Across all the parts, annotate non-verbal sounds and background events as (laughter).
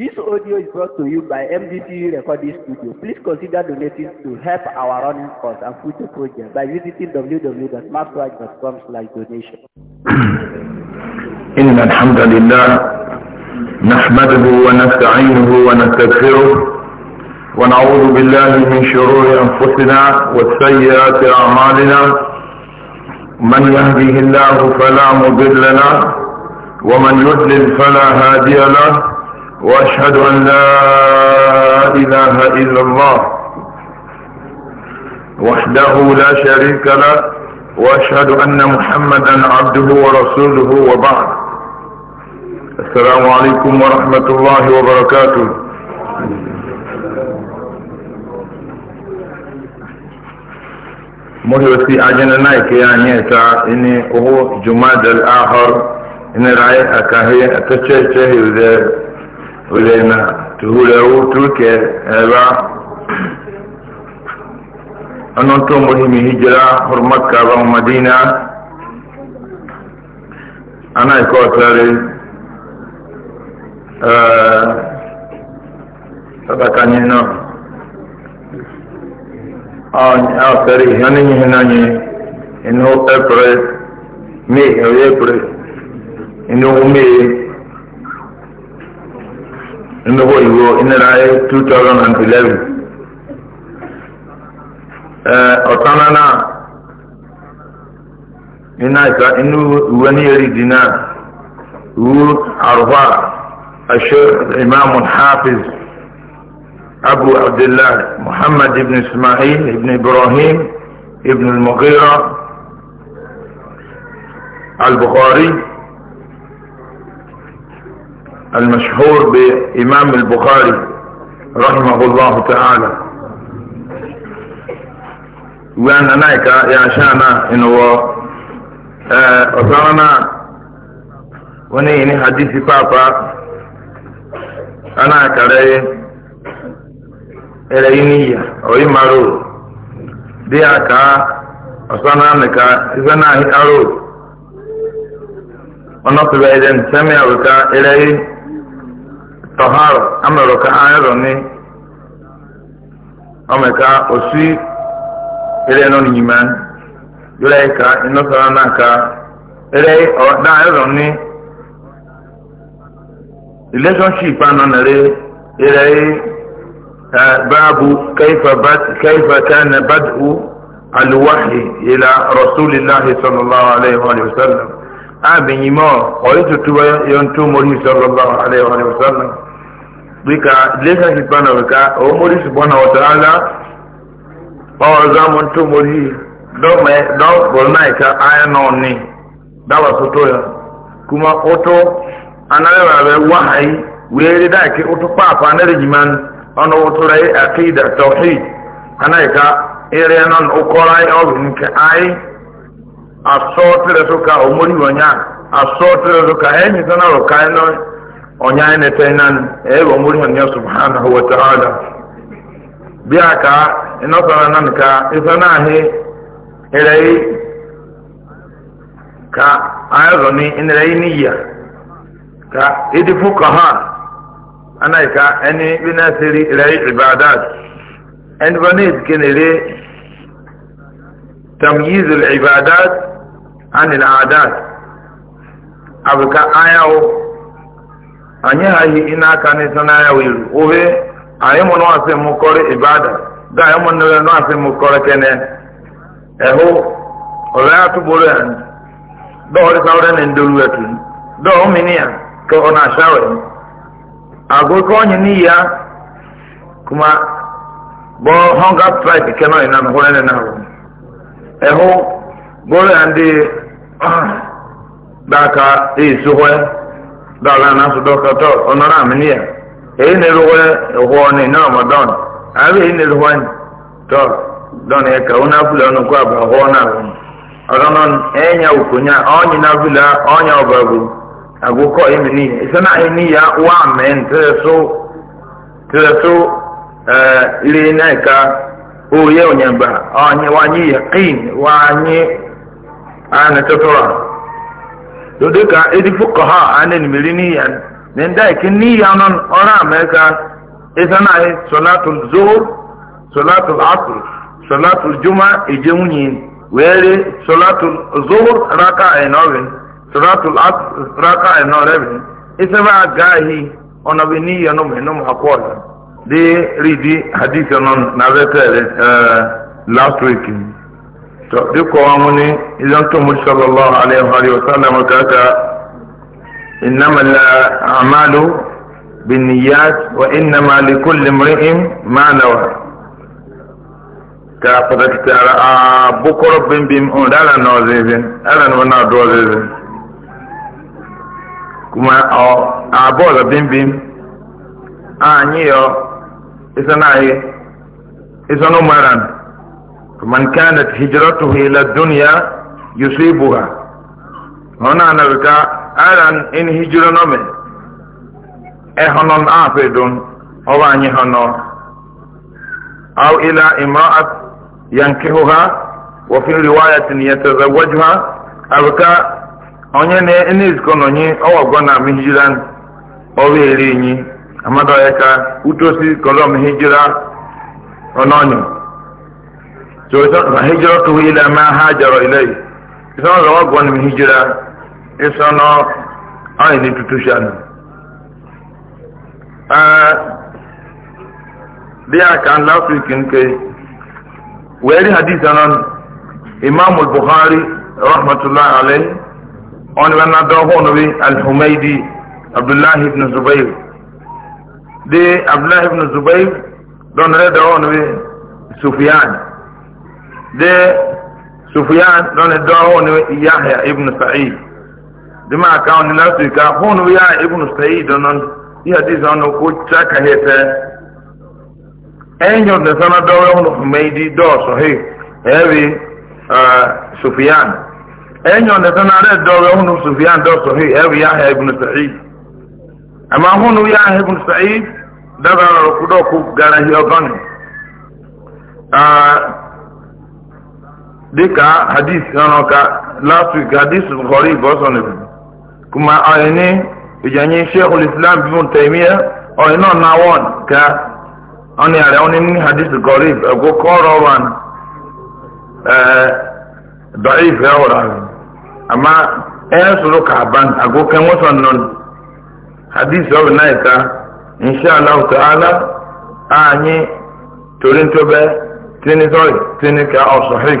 This audio is brought to you by MDTU Recording Studio. Please consider donating to help our running costs and future projects by visiting www.maskwatch.com slash donation. إن الحمد لله نحمده ونستعينه ونستغفره ونعوذ بالله من شرور أنفسنا وسيئات أعمالنا من يهده الله فلا مضل له ومن يضلل فلا هادي له وأشهد أن لا إله إلا الله وحده لا شريك له وأشهد أن محمدا عبده ورسوله وبعد السلام عليكم ورحمة الله وبركاته مهوسي أجن نايك يعني يتا إني هو جماد الآخر اني رأي أكاهي أتشيه ذي ulena tuhulewu tuke ẹba ọ̀nà tó mọ̀hìmì hijira hurmaka ba madina ana ikọ̀ tare eh, sadakanye náà ọ̀nà ah, tare ìhànnìyàn ìhànnìyàn inú april may april inú may inda ko iwo ina rai 2011 eh otana na ina ka inu wani yari dina wu arfa الشيخ الإمام الحافظ أبو عبد الله محمد بن إسماعيل بن إبراهيم بن المغيرة البخاري المشهور بإمام البخاري رحمه الله تعالى وأن أنا يا شانا إنه آه، أصرنا ونيني حديث بابا أنا كري إلينية أو إمارو ديكا أنا نكا إذا ناهي أرو ونصب إذن سمع بك إليه tọharọ amẹrọ ka ayọrọ ni osi eré nọ nìyíma yọrọ yìí ka iná sọrọ náà ka eré ọdá ayọrọ ni relationship anọ nàrẹ eré báàbù kẹfà kánà bàdù alùwàhì ìlà rọ̀ṣúlìláhi sọlọ́láhu alayhi wa sallam àbẹ̀yìmọ̀ ọ̀yẹ́ wa sallam. dika relationship na ka o mori subhanahu wa ta'ala o za mun to mori do me do bolna ka aya no ni da wa soto ya kuma oto anare wa be wahai weri da ke oto papa na regiman ono oto rai aqida tauhid anai ka ere non ukorai o bin ka ai tere to ka o mori wanya asotre to ka enyi sana ro kai onye anyị na-atịghị ne ebe ebo mulhon ya subhanahu wa ta'ala biya ka ị ina sana nan ka isana he irai ka ayo ni irai niyya ka idi fuqaha ana ka ani na siri irai ibadat and bani skinere tamyiz al ibadat an al adat abuka ayawo anyị aghaghị ị na-aka n'ịsa n'anya wiru ohe anyị mụ nọọsị mụ kọrị ibada da anyị mụ nere nọọsị mụ kọrị kene ẹhụ ọrẹ atụgboro ya dọọrị sáwọrẹ na ndoru etu dọọ mmiri ya ka ọ na-ahyawọ ya agụkọ ọnyị n'iyi ya kuma bọ họnga strike kene ọnyị na nhụrụ ya na-ahụ ẹhụ gboro ya ndị ah, daka eyi so dọla náà sọ dọ́ọ̀kà ọnọrọ ọ̀nàrà ya eyi na eruwe ẹ̀họ́ ni náà mọ̀ dọ́ọ̀n àbí èyí ni rúwẹ́ ni tọ́ dọ́ọ̀n yẹ kà ọ́nà fúlẹ̀ ọ̀nà kó ọnụ ọ̀họ́ náà wọ̀ ọ̀dọ́nà ẹ̀yà òkònyà ọ̀nyìn náà ya amị anị tụtụrụ dodo ka edifu kɔha ane nimiri ni yan ne da ki ni yan non ɔra amɛka esana solatul zohor solatul asr solatul juma ejehu nyin wɛɛre solatul zohor raka ɛnɔbin solatul asr raka ɛnɔrɛbin esaba gaahi ɔnɔbi ni yan no mɛnum akɔɔla de ridi hadith nọ na bɛ eh, last week. to duk kowa muni idan tun mutu sallallahu alaihi wa sallam ta ta innama al'amalu bin niyyat wa innama li kulli mri'in ma nawa ka fata tara a bukoro bin bin on dala no zezin ala no na do zezin kuma a bola bin bin a nyi yo isana yi isana umaran man kanat hijratuhu ila dunya yusibuha ona anarka aran in hijra nome ehonon afedun owa anyi hono aw ila imra'at yankihuha wa fi riwayatin yatazawwajuha abka onye ne enizko nonye owa gwana mi hijran owa eri nyi amado yaka utosi kolom hijra ononyo هجرته إلى ما هاجر إليه إذا رواق من هجرة إسانا أين تتشان آه ديا آه، كان last week إنك ويري حديث إمام البخاري رحمة الله عليه أن بنا دعوه نبي الحميدي عبد الله بن زبير دي عبد الله بن زبير دون رده نبي سفيان de sufiyan don do woni yahya ibn sa'id de ma ka on na su ka hon ya ibn sa'id don ya hadis on ko chaka hete enyo de sana do won humaydi do so he ewi sufiyan enyo de sana re do won sufiyan do so he ewi yahya ibn sa'id amma hon ya e ibn sa'id da da ku do ku garahi ogani dịka hadis ọnụ ka last week hadis bukhari bọsọnụ kuma ọyịnị ìjànyị sheikh islam bin taimiyya ọyịnị ọna wọn ka ọnụ yàrá ọnụ ní hadis bukhari ẹgbọ kọrọ wọn eh, dọ̀if ya wọ̀rọ̀ ahụ ama ẹn sọrọ ka aban agwọ kẹwọn sọ nọ hadis ọbụ náà ka inshallah ta'ala anyị torí ntọbẹ tíní sọrọ tíní ka ọsọ hìk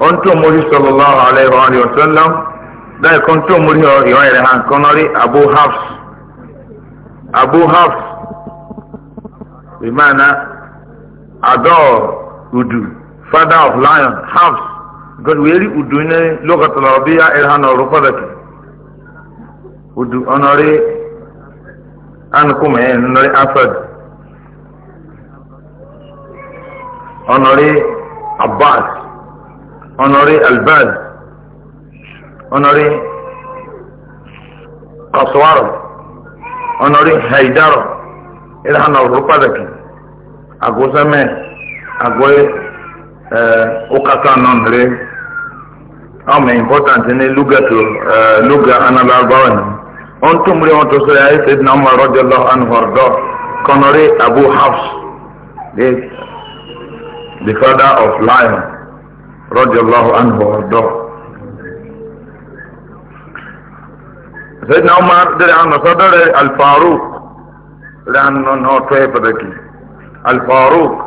onto mori sallallahu alaihi wa sallam dai konto mori ho yo ere han konori abu hafs abu hafs bimana eh, adol udu father of lion hafs god weri udu ne lokat arabia ere han ro fadaki udu onori an kuma en onori afad onori abbas honoré albaz honoré kasuwaro honoré haidaro ilhana rupadaki agosame agoye eh, ukaka nonre ọmọ important ní lugato luga analabawa ni wọn tún múlẹ̀ wọn on to yà ẹsẹ̀ náà ọmọ rọ́jò lọ do. kọ́nọ́rẹ́ abu hafs the father of lion. رضي الله عنه وارضاه سيدنا عمر دري عن صدر الفاروق لأنه نوتوه بدكي الفاروق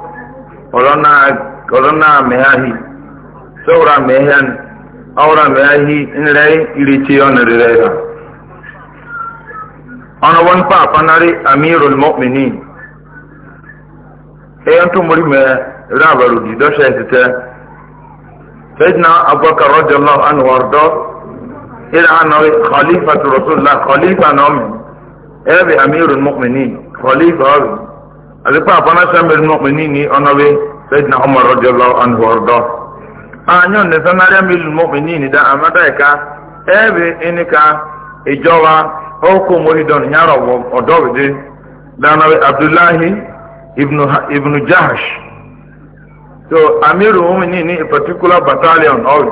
قلنا قلنا مياهي سورا مهان أورا مياهي إن لأي إليتيون رليها أنا ونفا فنري أمير المؤمنين أي أنتم مريم رابر دي شهدتا سيدنا أبو بكر رضي الله عنه وارضاه إلى أن خليفة رسول الله خليفة نعم أبي أمير المؤمنين خليفة أبي أبي بابا أمير المؤمنين أنا سيدنا عمر رضي الله عنه وارضاه anyọ nìsan náírà mílíọnù mọ́mìnì dá àmàdá ẹ̀ka ẹ̀bì ẹnìka ìjọba ọkọ̀ mọ́hídọ́nù yàrá ọ̀dọ́wìdì dáná abdullahi ibnu jahash so amiru mumini ni a particular battalion ọrụ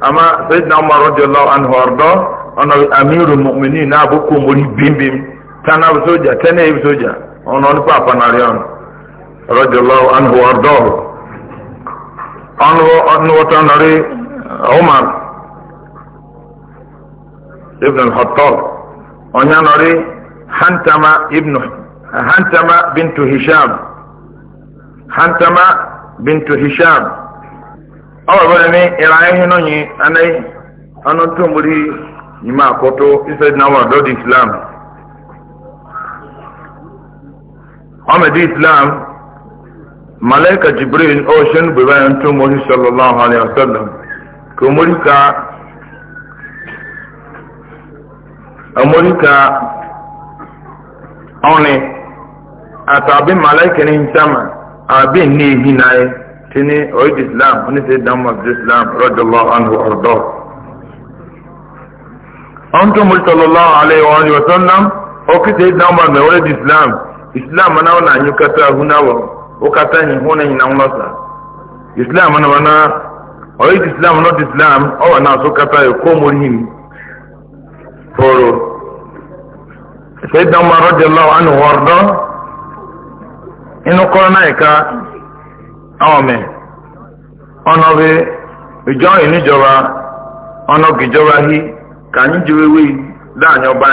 ama sayid na umar radiyallahu anhu ọrọ ọnà amiru mumini na abụkọ mori bimbim tana bụ soja tana ebi soja ọnà ọnụkọ apanarion radiyallahu anhu ọrọ ọnụ ọnụwọta narị uh, umar ibn al-hattab onye narị hantama ibn hantama bintu hisham hantama bintu hisham ọwọ́bọ̀rẹ̀ ní ìrà ẹ̀hìn náà yìí anáyí ọ̀nà tó múrí ìmọ̀ àkótó ìsẹ́dínàwọ̀ ọ̀dọ́dì islam ọmọdé islam malaika jibril ọ̀ṣẹ́ nùgbẹ̀ báyọ̀ tó múrí sallallahu alayhi wa sallam kò múrí ka amurika ọ̀nì àtàbí malaika ní ìsámà abin ne hinaye tini oid islam wani sai dan masu islam radiyallahu anhu ardo an to mu sallallahu alaihi wa sallam o ki sai dan ma mai oid islam islam mana wana yi kata huna wa o kata ni huna ni nan nasa islam mana wana oid islam not islam o wana so kata ya ko murhim foro sai dan ma radiyallahu anhu ardo inú kọ́ náà ẹ̀ka ọ̀mẹ̀ ọ̀nà bí ìjọ ìníjọba ọ̀nà hí ka anyị ji wewe dáànyị ọba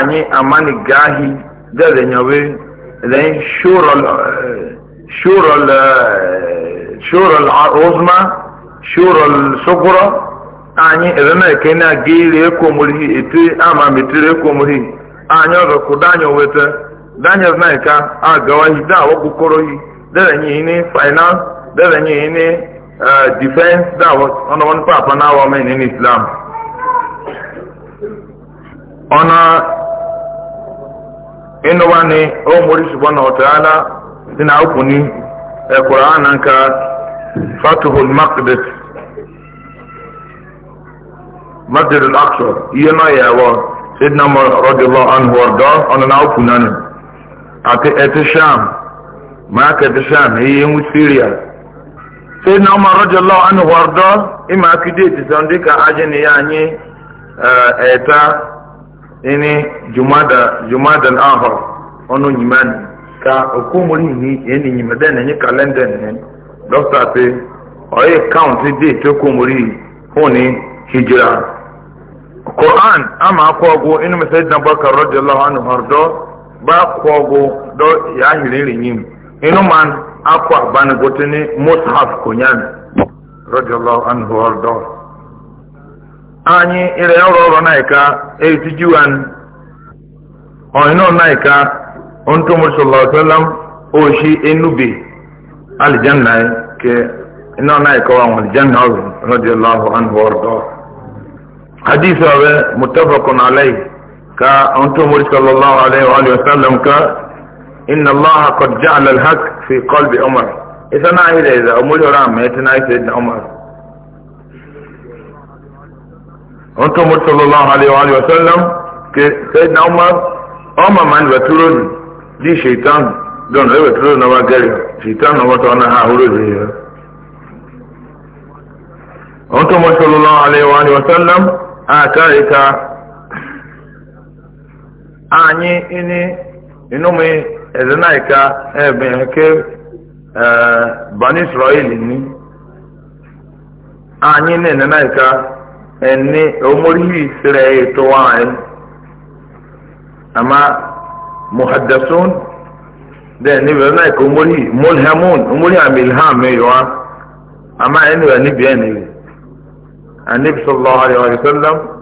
anyị amani gaa nyọ̀wé lẹ́yìn ṣúrọ̀l ọzọ ọzọ sọ́kúrọ̀ anyị ẹ̀rẹ́ náà ẹ̀kẹ́ náà gé ilé ẹ̀kọ́ mọ́rí ètè àmàmì ètè ẹ̀kọ́ mọ́rí daniel naika agawahi da awokokorohi derenyi ni finance derenyi ni e, defense da ọnà wọn pàápàá náà wọ́n mẹ́rin ní islam ọ̀nà inú wa ni ó mórí ṣùgbọ́n náà ọ̀tẹ̀ ala sí náà òkú e, ní ẹ̀kọ́ra ànánká fatihul makdis madrid al-aqsa iye náà yẹ ẹ̀wọ̀ sidna mọ́ rọ́dìlọ́ anhu ọ̀dọ́ ọ̀nà náà òkú náà Ati Etisham, sham Etisham, ẹtí sham èyí ń wí syria ṣé ní ọmọ rọjò lọ ẹnu wọdọ ìmọ na e ya anyị. ajínìyà anyi ẹta ẹni jùmọdà jùmọdà ọnụ ọnù ka okomori e ni ẹni na ẹni e kàlẹndà ẹni dọkítà pé ọyẹ káwùntì déètì okomori fún ní hijira quran ama akọ ọgwụ ịnụ mesajị na bakar rọjọ lọ ba bákọ̀ ọgọ dọ́ yáhìrì rìnyìn inú man akọ àbánigote ní mushaf konyan rọjòlọ anhu ọdọ. anyị ịrịa ọrụ ọrụ naịka eitijiwan ọhịnọ naịka ntụmụ sọlọtọlam oshi enubi alijanna ke ịnọ naịka wa alijanna ọrụ rọjòlọ anhu ọdọ. hadith ọbẹ mutafakun alayhi كأنتم صلى الله عليه وآله وسلم ك إن الله قد جعل الحق في قلب عمر إذا ما هي إذا أمور رام إذا سيدنا عمر أنتم صلى الله عليه وآله وسلم ك سيدنا عمر عمر من بترون دي شيطان دون أي بترون نبى قال شيطان نبى تونا هاولوا أنتم صلى الله عليه وآله وسلم أكا إذا anyị ini inumi ezenaika ebe ke e, bani ni anyị na enenaika eni omorihi sere eto anyị ama muhaddasun de ni ezenaika omorihi mulhamun omorihi amilham yiwa ama eni wa ni bi eni sallallahu alaihi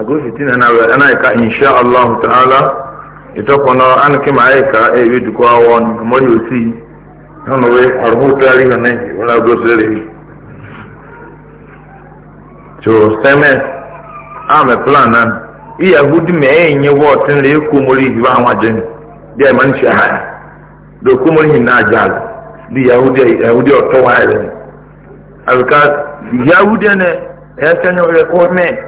agosi na na anaika insha Allah ta'ala itokono anki maika e widu kwa won mori osi nono we arbu tari na ne wala gosere a seme ame plana iya gudi me enye wotin le ku mori hiwa wajen dia man shaha do ku mori hin ajal di yahudi yahudi otowa ile alka yahudi ne tanyo re ko me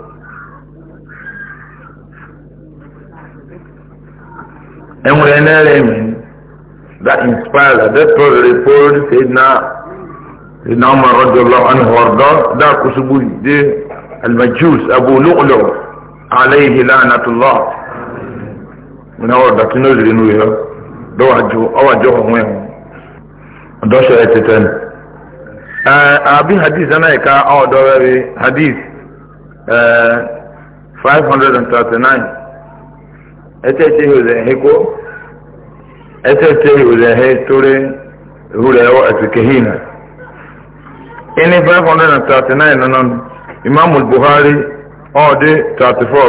enwere na n'ere that inspired that was reported sayyidina sayyidina umar radiyallahu anhu warda da kusubu de al-majus abu lu'lu alayhi la'natullah na warda tinozri nu yo do wajo awajo onwe do so eteten eh abi hadith ana e ka o do hadith eh 539 ẹtẹ́tẹ́ ìhùrẹ̀hẹ́ kó ẹtẹ́tẹ́ ìhùrẹ̀hẹ́ torí ìhùrẹ̀hẹ́ ẹ̀tùkẹ́hìnà five hundred and thirty-nine imaamu buhari thirty-four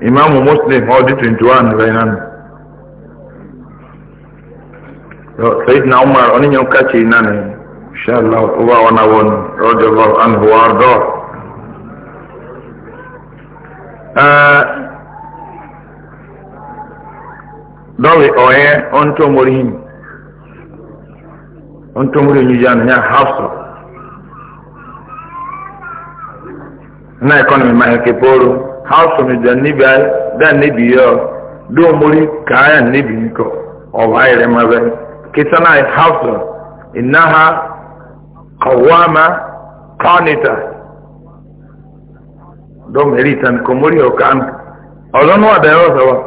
imaamu muslim twenty-one dɔw ye ɔyɛ ɔntɔmori hin ɔntɔmori hin yanu ya hafsa na ekɔnɔmi ma heke pooro hafsa mi da nibi ayi da nibi yɛ ɔ dɔmori kaaya nibi kɔ ɔba yɛrɛ ma bɛ kisa na ye hafsa inaha kawama kanita dɔmori tan kɔmori yɛ ɔkan ɔlɔnua da yɛ ɔsɛ wa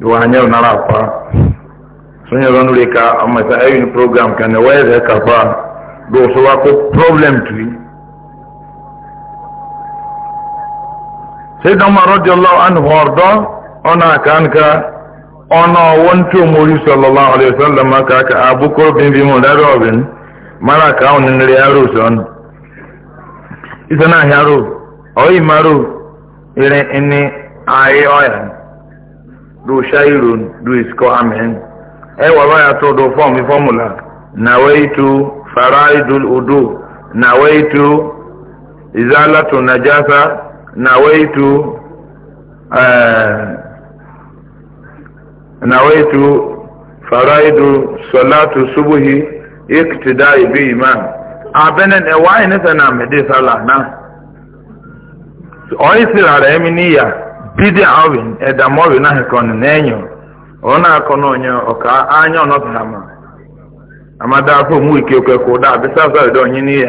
duwanyar na rafa sun yi zanu rika a matsayin program ka na waya zai karfa da wasu ko problem tuyi sai don ma Allah an hordo ona kan ka ona wanto mori sallallahu alaihi wasallam ka ka abukur bin bi mun daro bin mara ka onin ne yaro son isana yaro oyi maro ire ini ayi oyan do shairun do isko amen e wa ya to do form formula nawaitu faraidul udu nawaitu izalatu najasa nawaitu uh, nawaitu faraidu salatu subuhi iktidai bi imam abenen e wa ne na me de sala na o isira re mi niya pidi awin edam ọwin ahịkọnụ na-enyo ọ na-akọ n'onye ọka anya ọnọpụta ma amada afọ omu ike okwe ka ụda abịsa afọ ọdọ onye n'ihe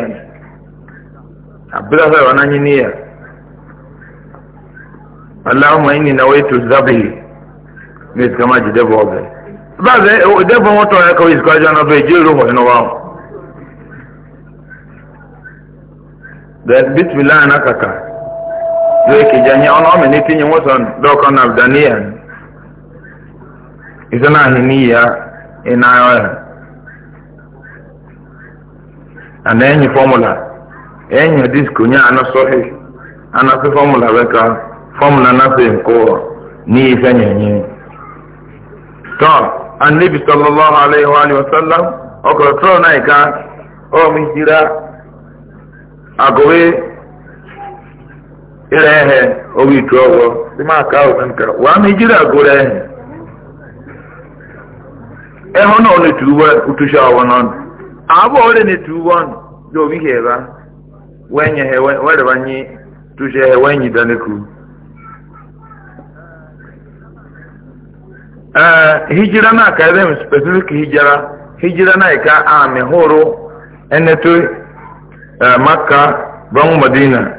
abịsa afọ ọdọ onye n'ihe allahumma ya wa zai janye ọnụ ọmị n'itinye nwoson dọkọ na daniel izo na n'iyi ya ịna ọhịa na-enyi fọmụla enyi disko nye anasọghị anasị fọmụla beka fọmụla anasị nke ụwa n'iyi fenye enyi tọ annabi sallallahu alaihi wa sallam ọkọrọ tọrọ na eka ọ mụ jira agụwe ire ehe oge itu ọgwọ dị m aka ahụ nka wa m ejiri ehe ehe ọ nọ n'etu uwe utusi ọgwọ nọ nụ abụ ọrịa n'etu uwe ọnụ dị obi ha ebe wee nye ha were banye tusi ehe wee nyida n'eku hijira na aka ebe m spesifik hijira hijira na ika a hụrụ enetu e, maka banwu madina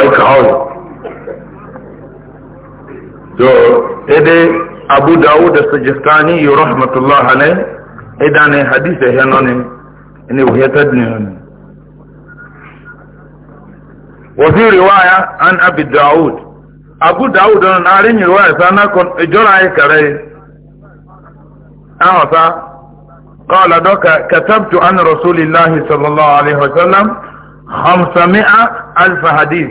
ọ̀ìkà ọ̀rọ̀ so ede abu dawud sajistani yi rahmatullah hane edane hadith ehe nonim ne wuhetar ne nonim وفي رواية عن أبي داود أبو داود أنا أرين رواية سأنا كن إجراء كري أعطى قال دوك كتبت عن رسول الله صلى الله عليه وسلم خمسمائة ألف حديث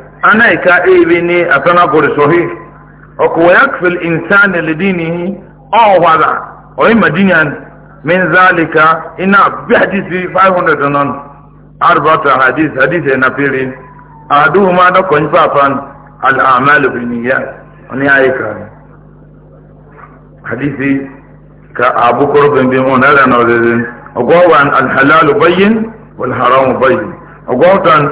ana ika ebe ne a sana kori sohi ọkọ wa yakfil insani lidinihi ọwara oyi madiniyan min zalika ina bi hadisi 500 nan arbata hadisi hadisi na firin aduhu ma da kwanci fafan al'amalu bin niyya wani ayyuka ne hadisi ka abu kurbin bin mun hada na wajen agwawan alhalalu bayyin wal haramu bayyin agwatan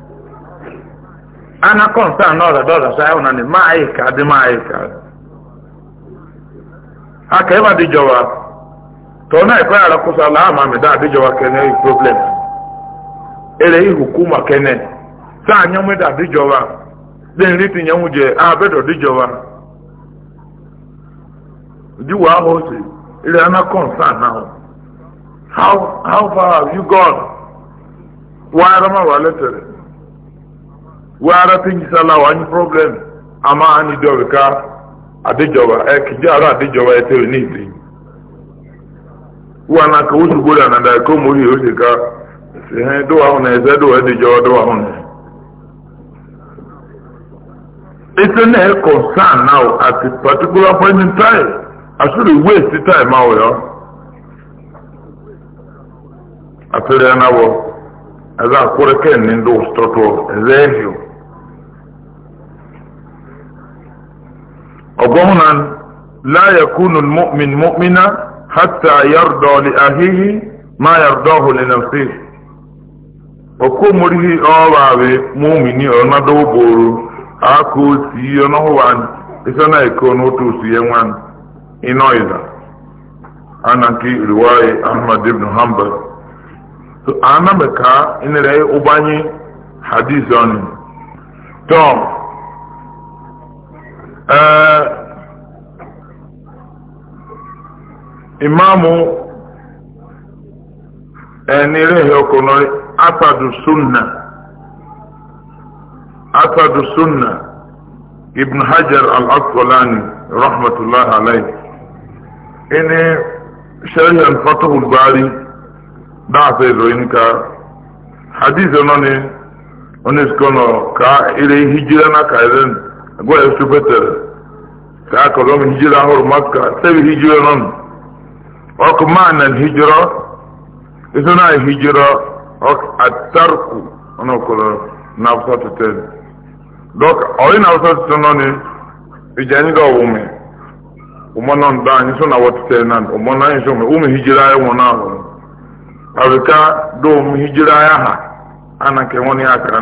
ana concern na ọrọ dọrọ sa ẹwọn ni maayika di maayika aka ẹ ma di jọwa tọ na ẹkọ yàrá kọsọ ala ama mi daa di jọwa kẹne problem ẹrẹ ihu kuma kẹne sa anyanwó dáa di jọwa lẹyìn ní ti nyanwó jẹ abẹ dọ di jọwa di wàá si ẹrẹ ana concern na ọ how how far have you gone wàá rẹ ma wà lẹtẹrẹ. wara pinji sala wa ni problem ama ani do ka adejoba e kijara adejoba e tere ni ti wa na ka usu gura na da ko muri o se ka se he do wa na ze do adejoba do wa na it's an air concern now at a particular point in time i should waste the time out yo atore na wo aza akure ken ni ndo stoto ezehio أقومنا لا يكون المؤمن مؤمنا حتى يرضى لأهيه ما يرضاه لنفسه okomorihi ọwawe mumini ọnọdụ ụbụrụ aka osi ọnọhụwan isana eke n'otu osi ya nwan ịnọịza ana riwaye ahmad ibn hanbal so anameka ịnere hadith tom imamu Rehe okonori asadu sunna asadu sunna ibn hajar al-asqalani rahmatullah alayhi ini sharhan fatahul bari daasa iroyinka hadith onone oneskono ka ile hijira na kaizen agwa eu ka akọrọ m hijira ọhụrụ maka sebi hijira nọ ọkụ maa hijira ọkụ na hijira atarku na afọ dọka na afọ nọ ni anyị ụmụ nọ ndọ anyị so na awọ tete na ụmụ na ụmụ hijira ahụ abika hijira ya ha a nke akara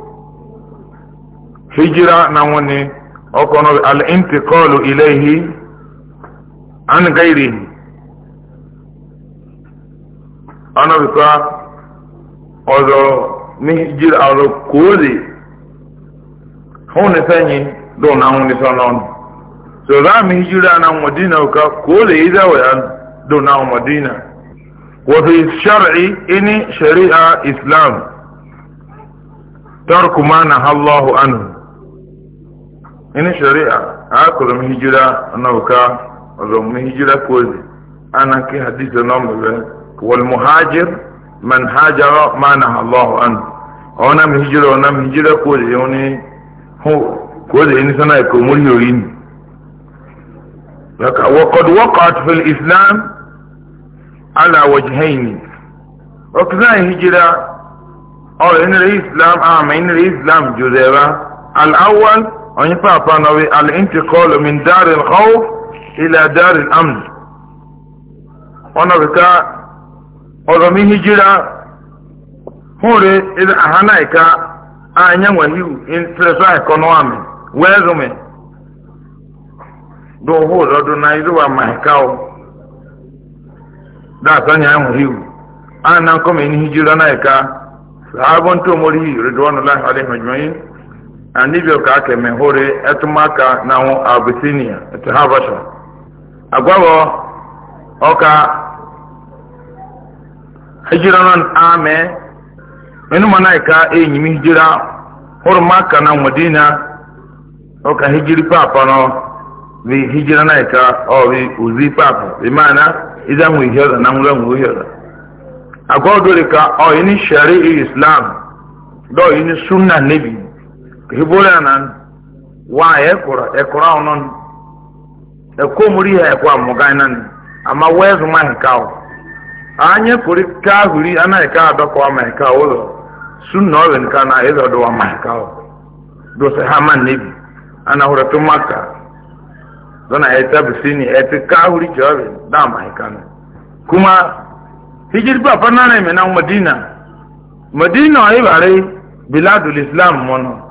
hijira na wani ọkọ̀nà al'intikọlu ilaihi an gairi ọ̀nàbìkọ́ ọ̀zọ̀ ní hijira ọ̀rọ̀ kóòzì hún sẹ́yìn dùn na hún sọ́nà ọ̀nà so za mu hijira na madina ka kóòzì yí zẹ́wẹ̀ dùn na madina wọ́n shari'i ini shari'a islam tarku ma na hallahu anhu ini sharia akụrụ m hijira nauka ọzọ m hijira kozi ana nke hadith na ọmụbe wal muhajir man hajara ma allahu an ọna m hijira ọna m hijira kozi oni hu kozi ni sana ko muri yoyin laka wa qad waqa'at fil islam ala wajhayn okna hijira ọ ni islam a ma ni islam juzewa al awwal onye papa nọwe al-intiqal min dar al-khawf ila dar al-amn ona bika ọzọ mi hijira hore ila ahana ika e anya wahiu in treso economy wezume do ho rodo na iru wa mahikao e da sanya wahiu ana kome ni hijira na ika e sahabon to mori ridwanullahi alaihi ajma'in anibio ka ake mehure etumaka na nwu abyssinia etu habasha agwabo ọka hijira nan ame minu mana ka enyi mi hijira huru maka na madina ọka hijiri papa no vi hijira na ka o vi uzi papa vi mana idan wi hiyada na ngula ngu hiyada agwabo dole ka o ini shari'i islam do ini sunna nabi hibora na wa ekura ekura onon eko muri ya e ekwa mugai nan ama wezu ma hekao anya kuri ka huri ana eka doko ma hekao lo sunna oben kana ezo do ma hekao do se hama nibi ana hura to makka dona eta bisini eti ka huri jobe da ma hekano kuma hijir ba fanana me na madina madina ay bare biladul islam mono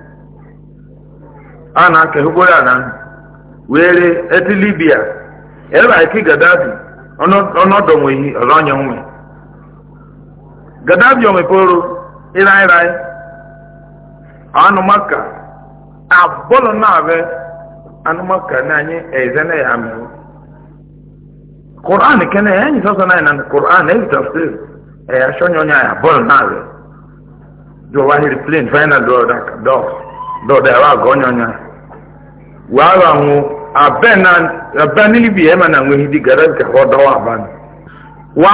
a na-aka hukwara ala were eti libya ebe ike gadafi ọnọdụ nweghị ọzọ onye nwe gadafi omeporo ịrai rai anụmaka abụlụ na-abịa anụmaka na anyị eze na ya mere Kur'an kene enyi sọsọ na na Quran ebi tafsir ẹ asọ nyọnyọ ya bọọlụ na-abịa jọwa hiri plane final dọọ dọọ dɔɔdɛ awa gɔnyɔnya waaba ŋo abe na abɛn nili bi ɛma na ŋo hidi gɛrɛ ka hɔ wa aban wa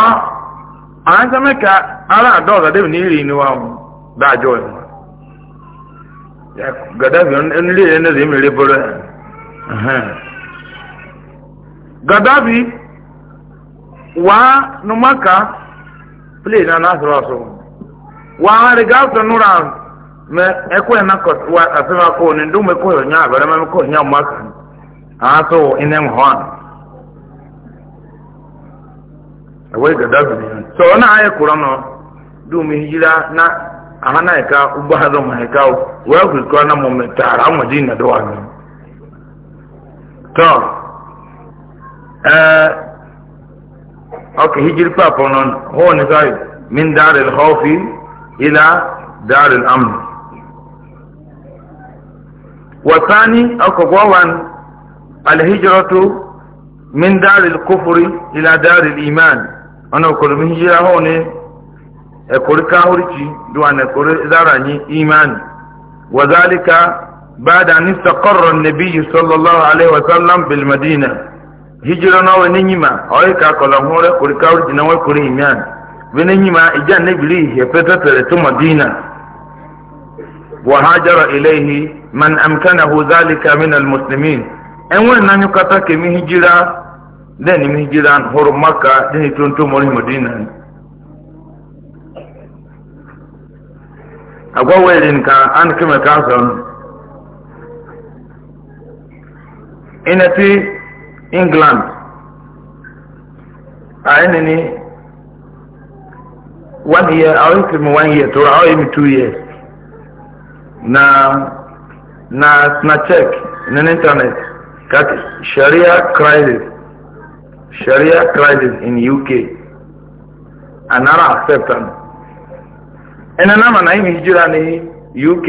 ansɛmɛ ka ara dɔɔdɛ de ni ri ni wa daa jɔ yi ma gɛrɛ bi nili yɛ ne zemi le bolo yɛ gadabi waa numaka plane na na sɔrɔ wa sɔrɔ ga rigaa sɔ mɛ ɛkò yɛ nakɔtò wa afɛn wa kò ne ndómo ɛkò yɛ nya abɛrɛ mɛ kò nya ɔmo aka ato ɛnɛm hɔ ano ɛwɔ egada bi ne so ɔna ayɛ yira na ahana yɛ e ka ugbo ha dɔm ka wɔyɛ na taara di na do wa tɔ ɛɛ ɔkè e, hijiri paapɔ ka min amu. وثاني أكبوا الهجرة من دار الكفر إلى دار الإيمان أنا أقول من هجرة هون أقول كهوريكي دوان أقول ذراني إيمان وذلك بعد أن استقر النبي صلى الله عليه وسلم بالمدينة هجرة نوى نيما أويكا كلامور أقول كاورتي نوى أقول إيمان ونيما إجا نبلي يفتت لتو مدينة وهاجر إليه من أمكنه ذلك من المسلمين أول أن يكتك مهجرة دين مهجرة هر مكة دين تنتم المدينة أقول إنك أن كما كاسم إن في إنجلاند أعنني one year أو يمكن one year to أو يمكن two years na na na check na internet kat sharia crisis sharia crisis in uk anara accept am ena nama na imi hijira ni uk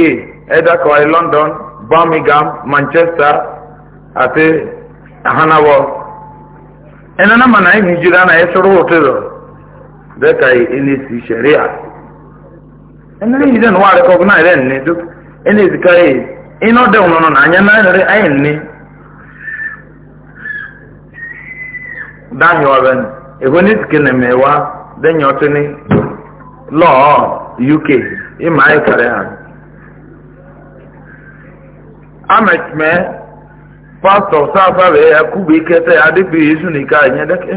either london birmingham manchester ati hanawo ena nama na imi hijira na esoro hotelo deka inisi sharia ena ni hidan wa recognize ni duk ena ezika ya ịnọ dị ụlọ nọ n'anya na-anọrị anyị nne dahi ọbịa ego n'ezike na mmewa denye dị ni lọọ uk ịma anyị karịa ha amechime pastọ sáfà rẹ ẹkúbi kẹtẹ adébíyì yéṣu nìka ẹ̀yẹn dẹ́kẹ́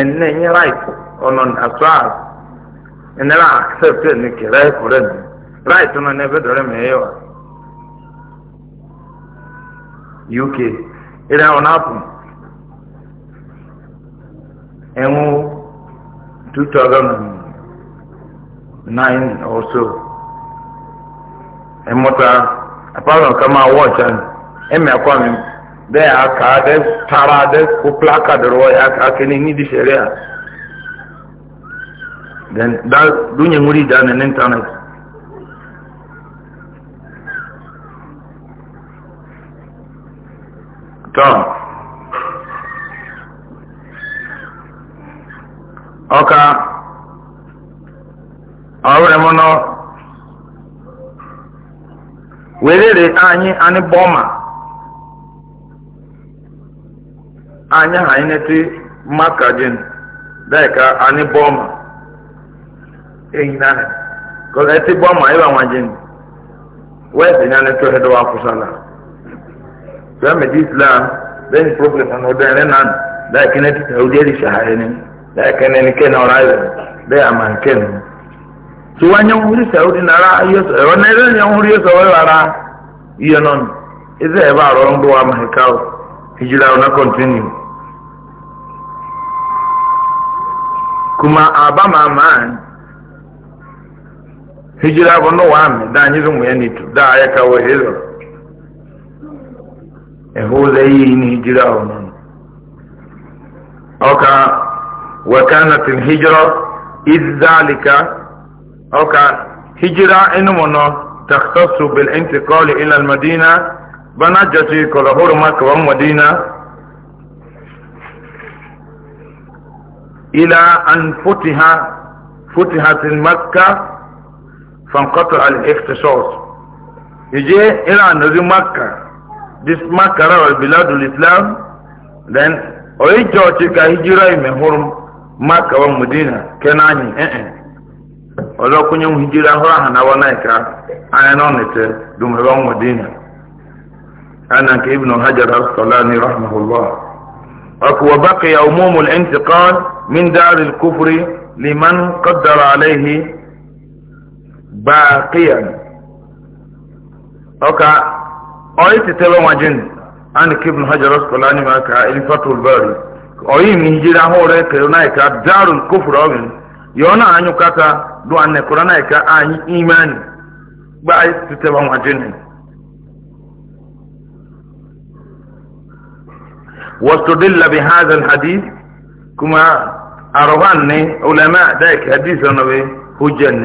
ẹ̀nẹ́ ẹ̀yẹn right ọ̀nà àtúrà ẹ̀nẹ́rà accept ẹ̀ ní kẹrẹ́ ẹ̀kọ́ rẹ̀ nìyẹn. right nọ n'ebe dọrọ uk ịrị ahụ na-apụ enwu 2009 or so emụta apart from ma watch and m dee aka de tara de kwụpla aka dọrọ ya aka aka n'enyi dị shere then dunye nwere ije n'ịntanetị tom ọka ọrụ m nọ werere anyị anyị bọma anyị ha anyị neti makajin dịka anyị bọma eyi na ha eti bọma ịba nwajin wee si na netụ hedo akwụsala sọ́mọ̀ di islam bẹ́ẹ̀ ni problem ọ̀nà ọ̀dọ̀ ẹ̀rẹ́ náà bẹ́ẹ̀ kí náà ti sàrò díẹ̀ di sàárẹ̀ ni bẹ́ẹ̀ kẹ́ni e ni kẹ́ni ọ̀rá tí yẹn nara ẹ̀rọ náà ẹ̀rọ yẹn wúri sọ̀rọ̀ rárá iye náà ni ẹsẹ̀ ẹ̀ bá kuma abamama hijira bono wame da nyizo mwenye nitu da ayaka هو زي الهجرة وكانت الهجرة إذ ذلك أوكا هجرة إنمنا تختص بالانتقال إلى المدينة بنجتي كل هرمك والمدينة إلى أن فتح فتحت مكة فانقطع الاختصاص يجي إلى أن مكة this makara wal biladul islam then oyi church ka hijira ime huru maka wa mudina kenani eh eh ọlọ kunye mu hijira huru aha na wana anya na onete dume wa mudina ana nke ibnu hajar al-asqalani rahimahullah aku wa baqiya umum al-intiqal min dar al-kufr liman qaddara alayhi baqiyan oka ọ̀yí ti tẹ́lẹ̀ wọn jẹ́ ní àni kébùn hajjara sọ̀lá ní ma ka ẹni fatul bari ọ̀yí mi hijira hó rẹ̀ kẹrù náà ìka dárùn kófùrọ̀ ọ̀gbìn yọ̀ náà anyu kaka do àni kúrọ̀ náà ìka àyí ìmánì gbá ayé ti tẹ́lẹ̀ wọn jẹ́ ní. واستدل بهذا الحديث كما أرغني علماء ذلك حديث النبي هجن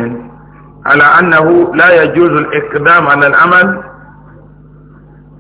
على أنه لا يجوز الإقدام على العمل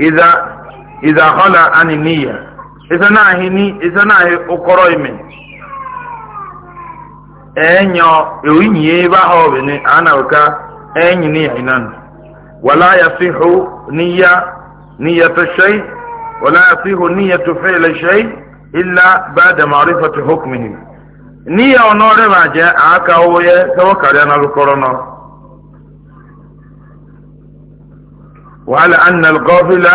إذا إذا خلى عن النية إذا ناهي إذا ناهي أقرأي من أنيو يويني بحو بني أنا وكا أني نيعنا ولا يصح نية نية الشيء ولا يصح نية فعل الشيء إلا بعد معرفة حكمه نية ونوري ما جاء عكا هو يتوكل أنا بكورونا وعلى أن الغافل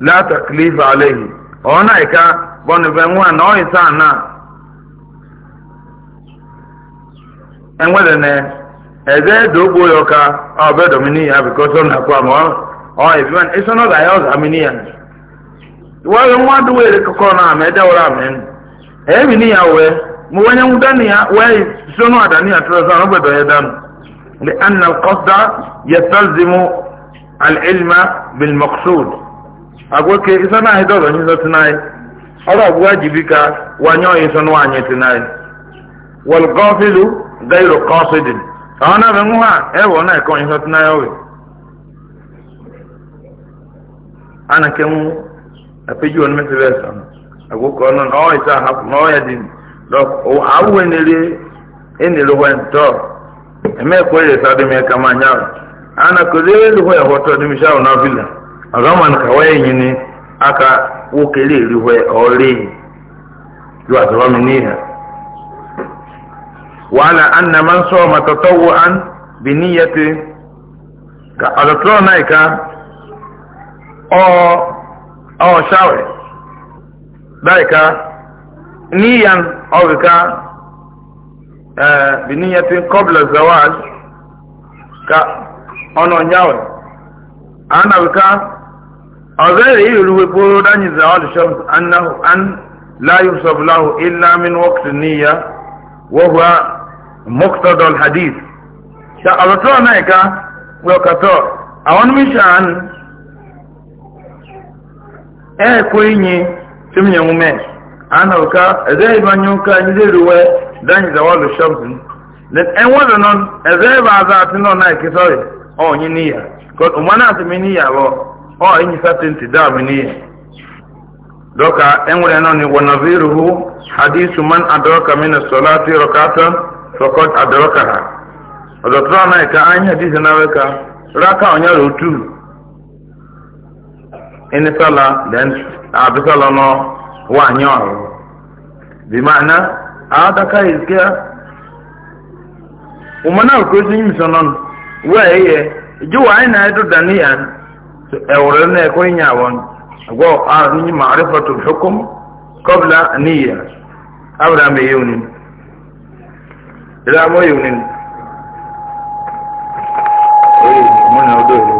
لا تكليف عليه هنا إكا بنبنوا نوي سانا أن ولنا إذا دوبو يوكا أو بدو مني أقوام أو إبن إسونا لا يوز أمنيا wọ́n wọ́n adúwọ̀ èrè kọ́kọ́ náà àmì wọ́n àmì ẹ̀nu ẹ̀mí níyàwó ẹ̀ mo wọ́n yẹn ń ya wọ́n ẹ̀ sọ́nù tó lọ sọ́nù ọ̀gbẹ̀dọ̀ yẹn dánù. لأن القصد يستلزم العلم بالمقصود أقول كي إسانا هدولا نيزو تناي أرى بواجبك وانيو إسان وانيو تناي والقافل غير قاصد أنا بموها إيو أنا يكون إسان تناي أوي أنا كم أفجو أن مثل إسان أقول كونان أو إسان حق نو يدين لو أو أول نلي إني لو أنتو eme kwere sa dum ya kama nyawo ana kuzele ri hoya hoto dum sha na villa agaman ka waye nyini aka wokele ri hoya ori yo azawa miniha wala anna man soma tatawuan bi niyyati ka adatro naika o o shawe daika niyan o ka بنية قبل zawal ka ọnụ nyawe anabika ọzọrọ iru wepụrụ danyi zawal shams annahu an la yusuf lahu illa min waqti niyya wa huwa muqtada al hadith sha abato na eka wa kato awon mishan e eh, ko yin timnye mume anabika zai banyo ka ni zai ruwe then zawalu shamsin then en wada non ezeba azati non na kisori o nyi niya cause umana asimi niya lo o enyi certainty da mi niya doka en wada non ni wa nadhiruhu hadithu man adraka min as-salati rak'atan faqad adrakaha odotra na ka anyi hadithu na weka raka onya rotu ini sala then abisala no wa anyi bi ma'ana adaka ezika umana okosi nyimisonon weye juwa ayi na ayeto daniyan ewuro na eko inyawon agwo aru nyi ma'rifatu hukum qabla niyya abra me yunin ila mo yunin oye mona odo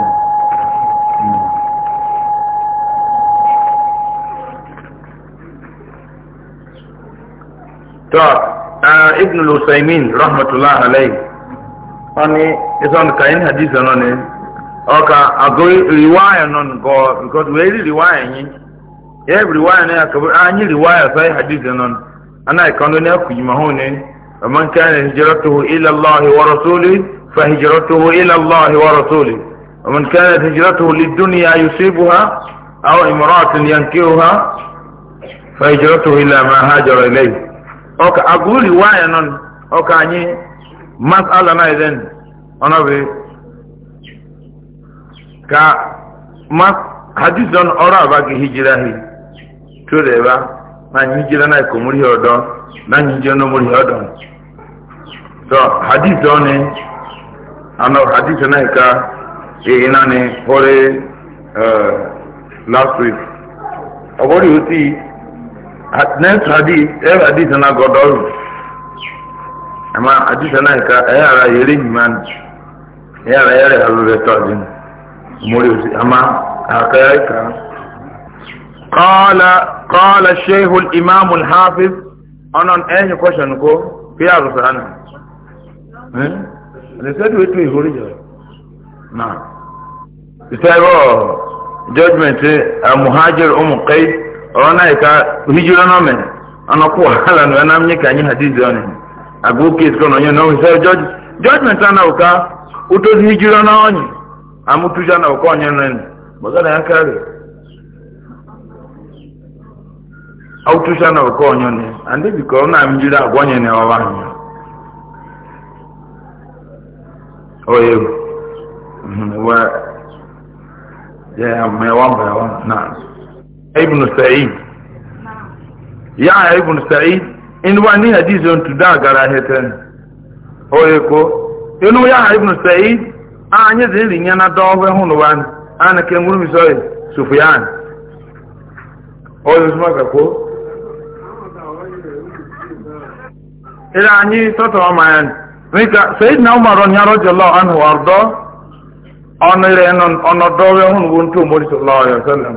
to ibn al-usaymin rahmatullah alayhi oni ison kain hadith onon ni oka agoy riwaya non go because we really riwaya yin every riwaya na akabu anyi riwaya sai hadith onon ana ikondo ni akuyi mahone man kana hijratuhu ila allah wa rasuli fa hijratuhu ila allah wa rasuli ومن كانت هجرته للدنيا يصيبها أو امرأة ينكرها فهجرته إلى ما هاجر إليه ọka agụli waya nọ ọka anyị masala na eden ọnọbe ka mas hadizon ọrụ abaghị hijira ahị tụrụ ebe na anyị hijira na ikomuri ọdọ na anyị hijira n'omuri ọdọ so hadizon ni anọ hadizon na ika eyi naanị pọrị e, last week ọ bụrụ otu at next hadith every hadith na god all ama hadith na ka e ara yere man e ara yere halu be tajin muri ama hakaika قال Shehu الشيخ الامام الحافظ انا اني question ko fi arusana eh they said we to hori jo na judgment eh, muhajir umm ọ̀nà ìka hijira náà mẹ́ ọ̀nàkú wàhálà nù ẹ̀nà mìíràn kà nyé hadizi ọ̀nà àgbo kéésì kọ́nà ọ̀nyẹ́ náà ọ̀hìnsẹ́ jọ́jì jọ́jìmẹ̀ntì náà ọ̀ka utozi hijira náà ọ̀nyẹ́ amutuja náà ya ọ̀nyẹ́ ya ni bọ́sẹ̀ náà kárì awutuja náà ọ̀ka ọ̀nyẹ́ ni àndé bìkọ́ ọ̀nà mìíràn àgwọ́ ọ̀nyẹ́ ni ọ̀wá ni ọ̀yẹ́ ya yẹ mẹ́wàá mẹ́wàá náà. ibn sa'id ya ibn sa'id in wa ni tu da gara heten oye ko inu ya ibn sa'id anye zin rinya na do we hunu wan ana ke nguru mi soye sufyan oye suma ka ko ila anyi toto ma yan mika sa'id na umar on ya radiyallahu anhu onire non onodo we hunu sallallahu alaihi wasallam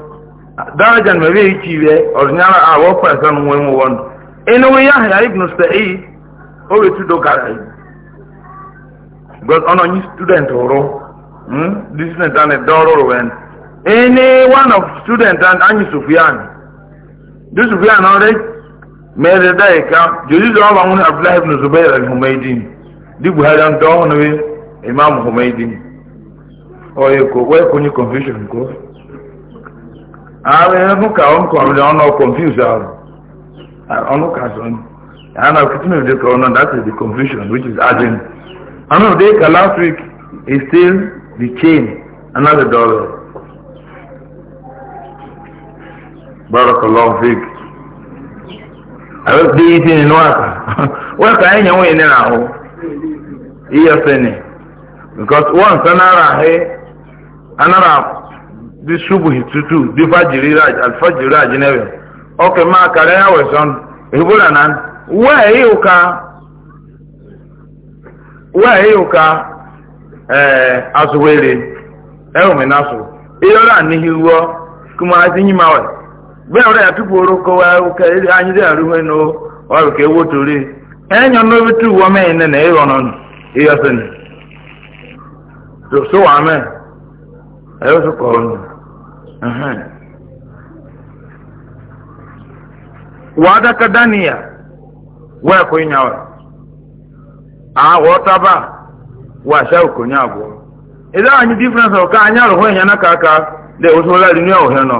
darajan ma bai ci be ornyara a wa person mu mu won ina we ya ya ibn sa'id o we tu do garai god ono ni student oro hmm this is done a doro when any one of student and any sufyan this sufyan ore me de dai ka juju do ba mun abdullah ibn zubair al-humaydi di buhari an do ono imam humaydi o ye ko we ko ni confusion ko àwọn ẹ̀rọ kà ọ́n kọ̀ ọ̀rẹ́ ọ̀nà confuse ọ̀rọ̀ ọ̀nà kà sọ ní and i continue with that is the confusion which is adding and on the last week is still the chain another dollar barakallahu fik i was dey eating in waka waka ẹ̀ yẹn wọ́n yẹn nínú àwọ̀ iye ọ̀sẹ̀ because once anara ahẹ́ anara. dị subuhi tutu dị fajiri raj alfajiri raj nebe oke ma kare ya weson ehibula nan wee wee ụka ee eh, asụwere ewu na asụ iyọrọ n'ihi kuma atinyi ma we bẹẹ ọrẹ àtúkù orúkọ wa ọkẹ anyi dẹ àrùn ẹnu ka kẹ wọ torí n'obi tu wọ mẹyìn nọ so wàá nụ aha wadaka daniel wee kụ inyawa aghọtaba washa okonye abụọ ịdọ anyị difference ọka anyị arụhụ ịnya na kaka dị osolarị nye ohe nọ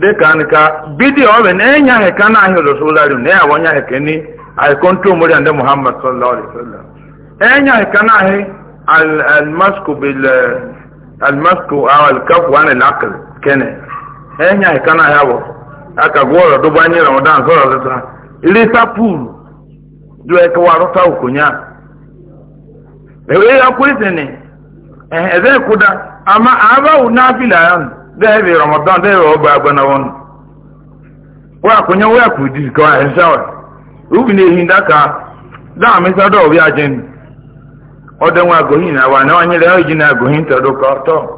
dị ka nka bidi ọbịa na ịnya heka na ahịa osolarị na ya wọnya heka ni alikontu omori ande muhammad sallallahu alaihi wasallam ịnya e heka na ahịa almasku bil almasku aw alkafu an alaql kene enya ikana aka gworo do banye pool do e ka waro ta ya kuisene eh eze kuda ama aba yan de ramadan de oba agbana won wa kunya wa kudi ko a sawa ubi na hinda ka da mi sa do bi ajin odan gohin na wa na wanyere ojina gohin to do ko to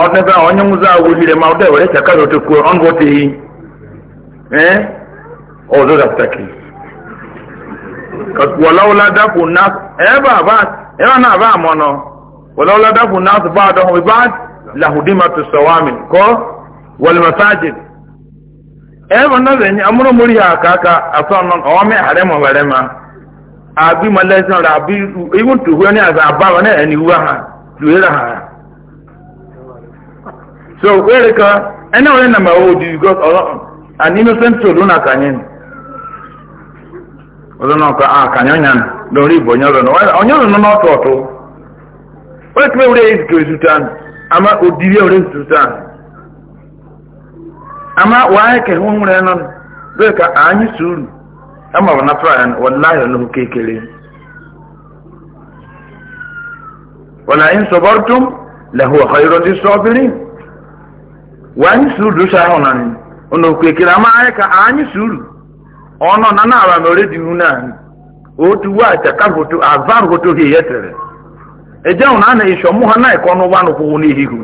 ọdún ẹgbẹ́ onye nwụzọ agwụ hire ma ọdụ ewere ka karịa otu kwuo ọnụ otu ehi ee ọzọ dapụtaki wọlọwụla dapụ na ebe a ebe a na-aba amọ nọ wọlọwụla dapụ na asụba adọhụ ebe a lahudimatu sawami kọ wọlmasajid ebe nọ zenye amụrụ mụrụ ya aka aka asọ nọ ọme hare ma were ma abi malẹsẹ rẹ abi iwu tuhu na asa ababa na ẹni wu ha tuhere ha so were ka ene were na ma o di because ọlọ an innocent soul na ka nye ọzọ na ọka a ka nye ọnya lórí ibò ọnyọrọ na ọnyọrọ nọ n'ọtọ ọtọ were kpe were ezi ka ezuta ama odiri were ezuta ama waa ke hụ nwere nọ were ka anyị suru ama ọ na fry wallahi ọlọhụ kekere wala in sabartum lahu khayrun lis-sabirin wee anyị suru so ahụ na ọnọkwu ekele ama anyị ka anyị suru ọnọ na na aba mere dị anyị otu wa chaka goto azar goto hi yetere eje ahụ na a na so mụ ha na ịkọ n'ụba n'ụkwụ n'ihihu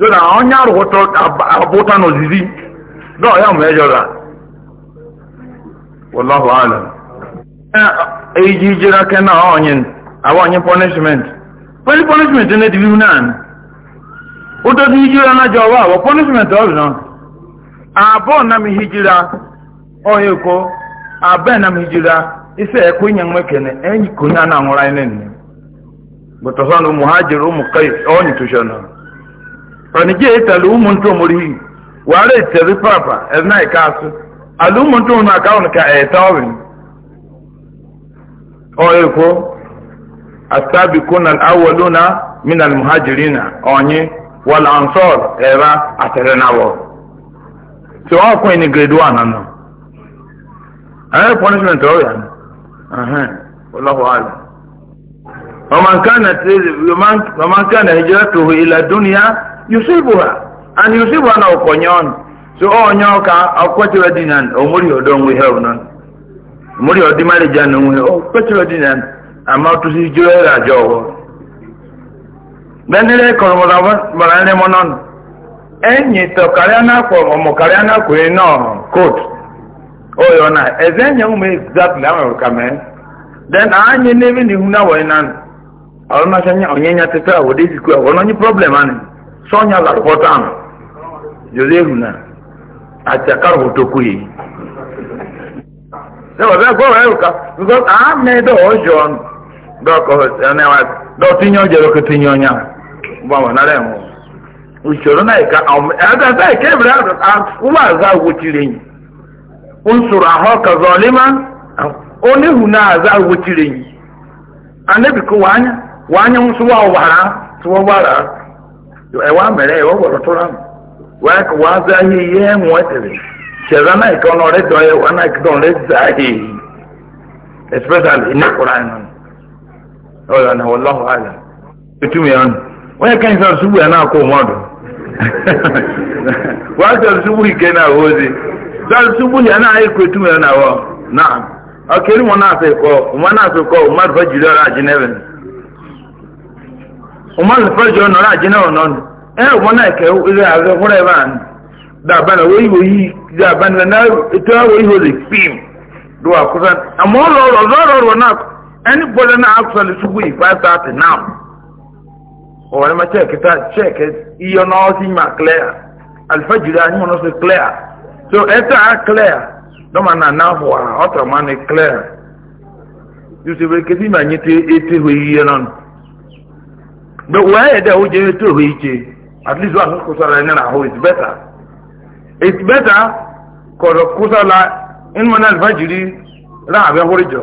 so na onye arụghọta abụta n'ozizi dọọ ya mejọra wallahu alam eji ijere aka na onye awa onye punishment onye punishment na-edibihu naanị utozi hijira na jawa wa punishment of no abo na hijiri hijira oyeko abe na mi hijira ise ekunya na enyi na ngora onye butasano muhajiru muqais onyi tushana ụmụ italu muntu muri wale tebi papa ezna ikasu alu muntu na kaun ka etawin oyeko asabiquna alawluna min na onyi wal ansor era atere na wo so all point in grade 1 ano eh punishment o ya eh wallahu alam ومن كانت ومن كان هجرته الى الدنيا يصيبها ان يصيبها na okonyon so onyo ka akwetwe dinan omuri odon we help non omuri odi marriage an we akwetwe dinan amount to see jewel benile kọrọmọdà bọ̀rọ̀ ẹni mọ́ náà ẹ̀yìn tọ̀ kárí anákọ̀ ọmọ kárí anákọ̀ yìí náà coat ọ̀yọ̀ náà ẹ̀zẹ̀ ẹ̀yìn ọmọ exactly àwọn ọ̀rọ̀ kàmẹ́ then àányẹ níbi nìhu náà wọ̀ iná ọ̀rọ̀ náà sẹ́yìn ọ̀nyẹ́ nyà tẹ́tẹ́ àwọ̀dé ìsìkú ẹ̀ ní problem ánì sọ́nyà làkọ́ tán joseph náà àti àkàrọ̀ òtókù yìí ṣé wọ́n fẹ́ mgbanwe nara enwe usoro na ika agasa ike ebere ụlọ aza agwụchiri enyi usoro ahụ ka zọlima onye hu na aza agwụchiri enyi anabiko wanya wanya nsuwa ọbara tụwa ọbara ewa mere ewa gwara tụrụ ahụ wee ka waza ahịa ihe enwe tere chere na ika ọ nọrọ ịdọ ya wa na ika ọ nọrọ ịdọ ahịa especially in the Quran. Oh, no, Allah, Allah. Itu yang onye ka nsọ nsogbu ya (laughs) na akwụ mmadụ wa sọ nsogbu ike na ahụ ozi sọ nsogbu ya na-ahụ ikwetu ya na ahụ na ọkiri mụ na-asọ ịkọ ụma na-asọ ịkọ ụma dụfa jiri ọrụ ajị n'ebe ụma dụfa jiri ọrụ ajị n'ebe nọ ee ụmụ na-eke ụzọ ahụ hụrụ ebe ahụ daba na oyi oyi daba na na etu ahụ ihe ozi pim do akwụsa ama ụlọ ọrụ ọzọ ọrụ ọrụ na anybody na-akwụsa nsogbu ikpe asatọ now wọ́n ma check ta uh, check iye ọ̀nà ọ̀sìn ma clear alifajiri anyi wọn clear so ẹ̀ta a clear dọ́mà nà nàfọ̀ a ọ̀tọ̀ ma ni clear yusuf ekesi ma nyi ti eti hó iye nọ bẹ wọ́n ayẹ o iche at least one kúsọ̀rọ̀ ẹ̀ nínú àhó it's better it's better kọ̀rọ̀ kúsọ̀rọ̀ ẹ̀ na alifajiri rà abẹ́ hórí jọ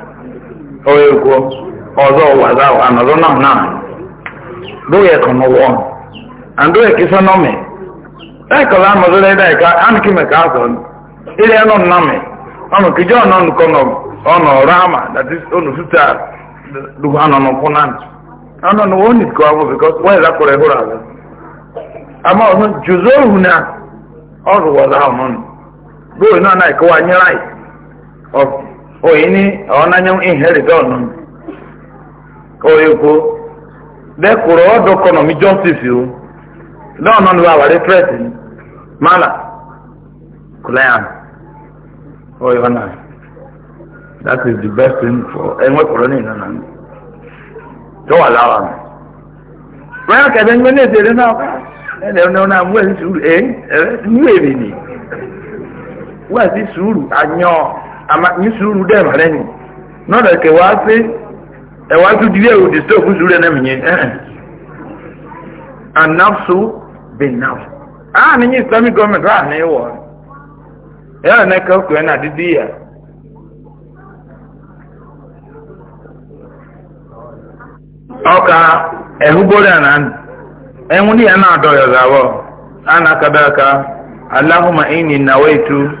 oye kwuo ọzọ waza anọzọ náà náà dóye kọ n'ụwọ andóye kisa nọmi ẹkọlá anọzọ lẹdá ẹka anìkí mẹka azọ ilé ẹnọ nnami ọnù kìjọ ọnọ nukọ nọ ọnọ ọrọ ama dàtí ọnù sítà dùgbò anọ nọkọ náà anọ nù wọn nìkọ abọ bìkọs wọn ìlà kọrọ ẹhúrọ àlẹ àmọ ọsàn jùzọ òhun náà ọrù waza ọnọ nù dóye náà náà ẹkọ wa oyini ọ̀nanya inherita ọ̀nà oyoko dẹkùrọ̀ ọ̀dọ̀ kọ̀nọ̀mí justice o lọ́ọ̀nà ni wà wàlé mala client oyona that is the best thing for ẹnwẹ́ kọ̀rọ̀ na ìnáná tó wà lára mi wọ́n kẹ́dẹ́ ní ní èdè náà ẹ̀dẹ̀ náà mú èsì sùúrù ẹ̀ ẹ̀ e èmi e, e, ni ama n'isi uru dị eme n'enye n'ọdụ nke waa si ewaa si udiri ewu di site okpu suria n'eminye ee anasụ binnaw a na enyisi nwam gọọmenti a na ịwọ ya na n'aka oku ya na didi ya ọka ehuboori a na anị emụ dị ya na-adọyọzọ abụọ a na-akabiga ka ala ahụmahụ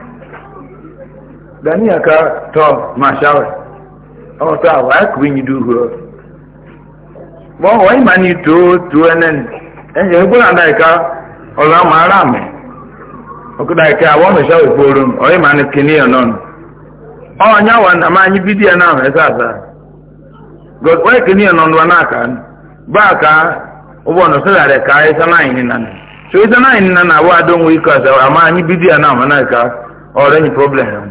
dani aka ma mashawe ọ ta wa ku ni du ho bo wa ma ni to to enen e je gbura na ka o la ma ra mi o ku da ka wa mo shawe porun o ma ni kini onon ọ nya wa na ma ni bidia na me sa sa god wa kini onon wa na ka ba ka ụgbọ nọ sị dara ka ịsa na anyị nna so ịsa na anyị nna na awa adọ nwe ike ọsọ ama anyị bidia na ama na ka ọrịa anyị problem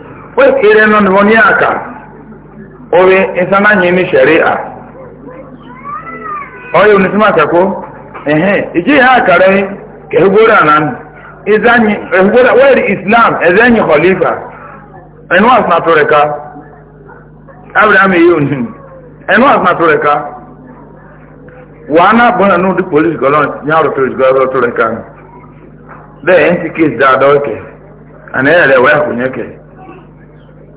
o ere nọ nọ ní àkà orí ìsànàyè ní sẹ̀ríà ọyọ onísìmọ̀ àkàkọ́ ẹ̀hẹ́n ìjì ìhà àkàrẹ́ kẹ̀húgbóra náà ìzányi ẹ̀húgbóra islam ẹ̀zẹ́yìn khalifa ẹnu àsìnàtò rẹ̀ ká abraham eyi òní ẹnu àsìnàtò rẹ̀ ká wàá náà bọ́nà nù polisi gọ́lọ́n ní àrò na rẹ̀ ká bẹ́ẹ̀ ẹ̀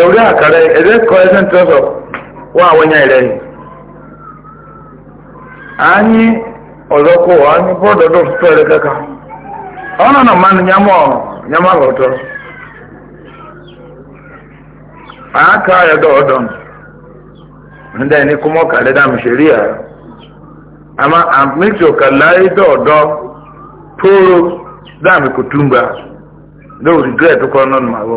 ẹ̀rí àkàrẹ ẹ̀rí kọ ẹsẹ̀ ń tọ́sọ̀ wọ́n àwọn ẹ̀yà rẹ̀ ni. anyị ọ̀zọ́kọ̀ anyị bọ́ọ̀dọ̀dọ̀ tó ẹ̀rẹ́ kẹ́kà ọ̀nà nà mmanụ nyamọ̀ nyamọ̀ aka ya ọ̀dọ̀ ndị kúmọ̀ kàlẹ́ dọ̀ ọ̀dọ̀ kùtùmbà lórí gírẹ̀ tó kọ́ nọ́ọ̀nù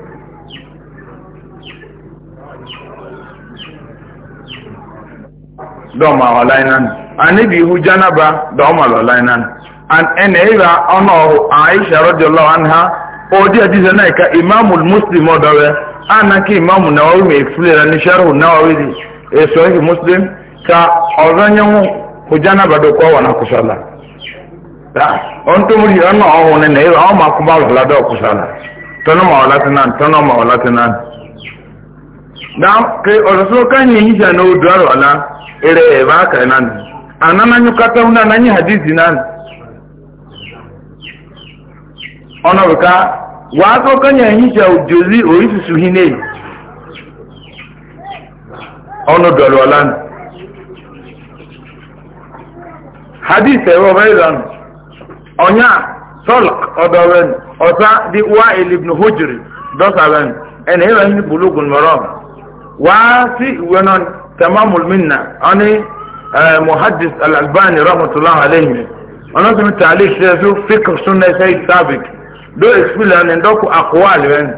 dọma ọlainan anibi ihu janaba dọma ọlainan and na ọnụ ọhụ aisha rọjọlọ anha ụdị adịza na ka imamul muslim ọdọrọ anaka imamu na ọrụ ma efulera na na ọrụ dị eso ihe muslim ka ọzọ nyenwu hụ janaba dọkwa na ọntụmụrụ ihe ọnụ ọhụ na akwụba dọ tọnụ ma tọnụ ma ke ka na odu ere ebe aka nan anananyukata una nanyi hadithi nan ona wika wato kanya hinja ujuzi oisu suhine ono dolwalan hadith ewo bayran onya solq odawen osa di wa'il ibn hujr dosawen en hewa hin bulugun maram wa si wenon تمام المنة أنا محدث الألباني رحمة الله عليه أنا سمعت تعليق سيسو فكر سنة سيد سابق دو إسفل أن دوكو أقوال من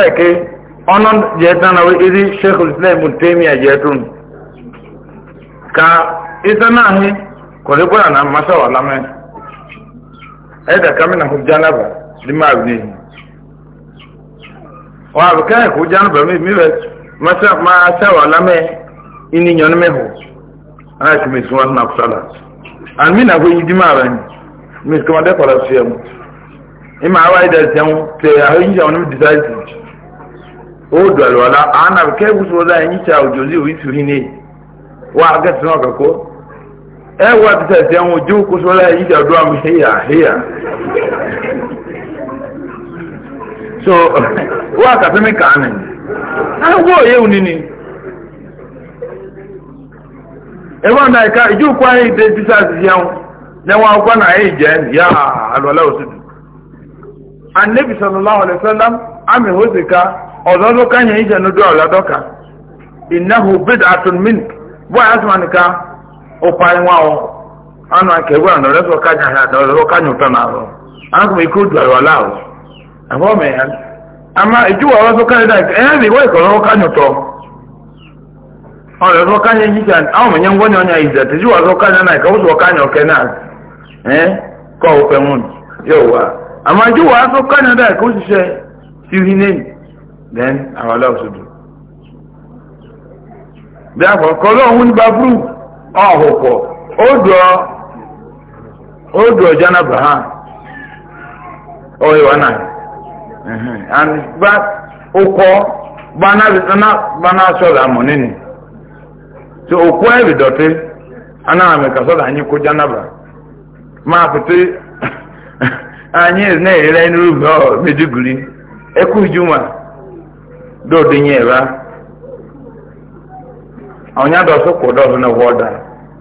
ذلك أنا جيتنا وإذي شيخ الإسلام ابن تيمية جيتون كا إذا ناهي كل يقول أنا ما شاء الله من هذا كمان هو جانبا لما أبنيه وأبكاه هو جانبا مي مي بس ما شاء الله من ini nyɔnu mɛ hɔ ana ti mɛ suma na kusala ani na ko yi ara ni mɛ suma de kɔrɔ fiyɛ mu ima awa yi da sɛŋ tɛ aho yi sɛŋ ne mi disa yi o do alo ala ana kɛ wusu o la yi sɛ o jozi o yi su hine wa a kɛ sɛŋ ka ko ɛ wa ti sɛ sɛŋ o jiw kusu o la yi so (laughs) wa ka fɛn mi kan ne awo ebe ọ na-eka iji ụkwụ anyị na-enwe akwụkwọ na anyị ya alụọla osudu anabi sallallahu alaihi wasallam ami hose ka ọzọzọ ka ije n'udu dọka ka ụkwarị nwa ọ anụ aka egwu anọ rẹsọ na ọzọzọ kanya ụtọ na ahụ anụ kuma ike odu alụọla ahụ ahụ ọmụ ya ama iji dị kanya ọ̀rọ̀ kányẹ yíjà àwọn mẹ̀yẹ ń wọ́nyẹ ọ̀nyà ìjà tẹ̀sí wà sọ kányẹ náà kanya sọ kányẹ ọ̀kẹ́ náà ẹ́ kọ́ ọ̀pẹ̀ wọn yóò wá àmọ́ ẹjọ́ wà sọ kányẹ náà ìkàwọ́ ṣiṣẹ́ síwí nẹ́yìn then àwọn aláwọ̀sọ̀dọ̀. bí a kọ̀ kọ́ lóhun ní babrú ọ̀hùpọ̀ ó dùọ jánàbà ha ọ̀hìn wà náà and bá na kọ́ bá náà sọ̀rọ̀ àmọ̀ so okwu anyị dọtị anaghị amị ka sọda anyị kwụja naba ma anyị na-ere nri ubi ọ ekwu juma dodinye ebe ọnya dọsọ kwụ dọsọ na ọdụ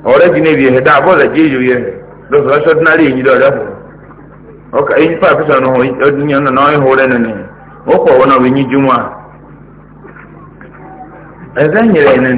ọrịa gị na-ebi ihe daa bọọlụ dị n'ala na na eze nyere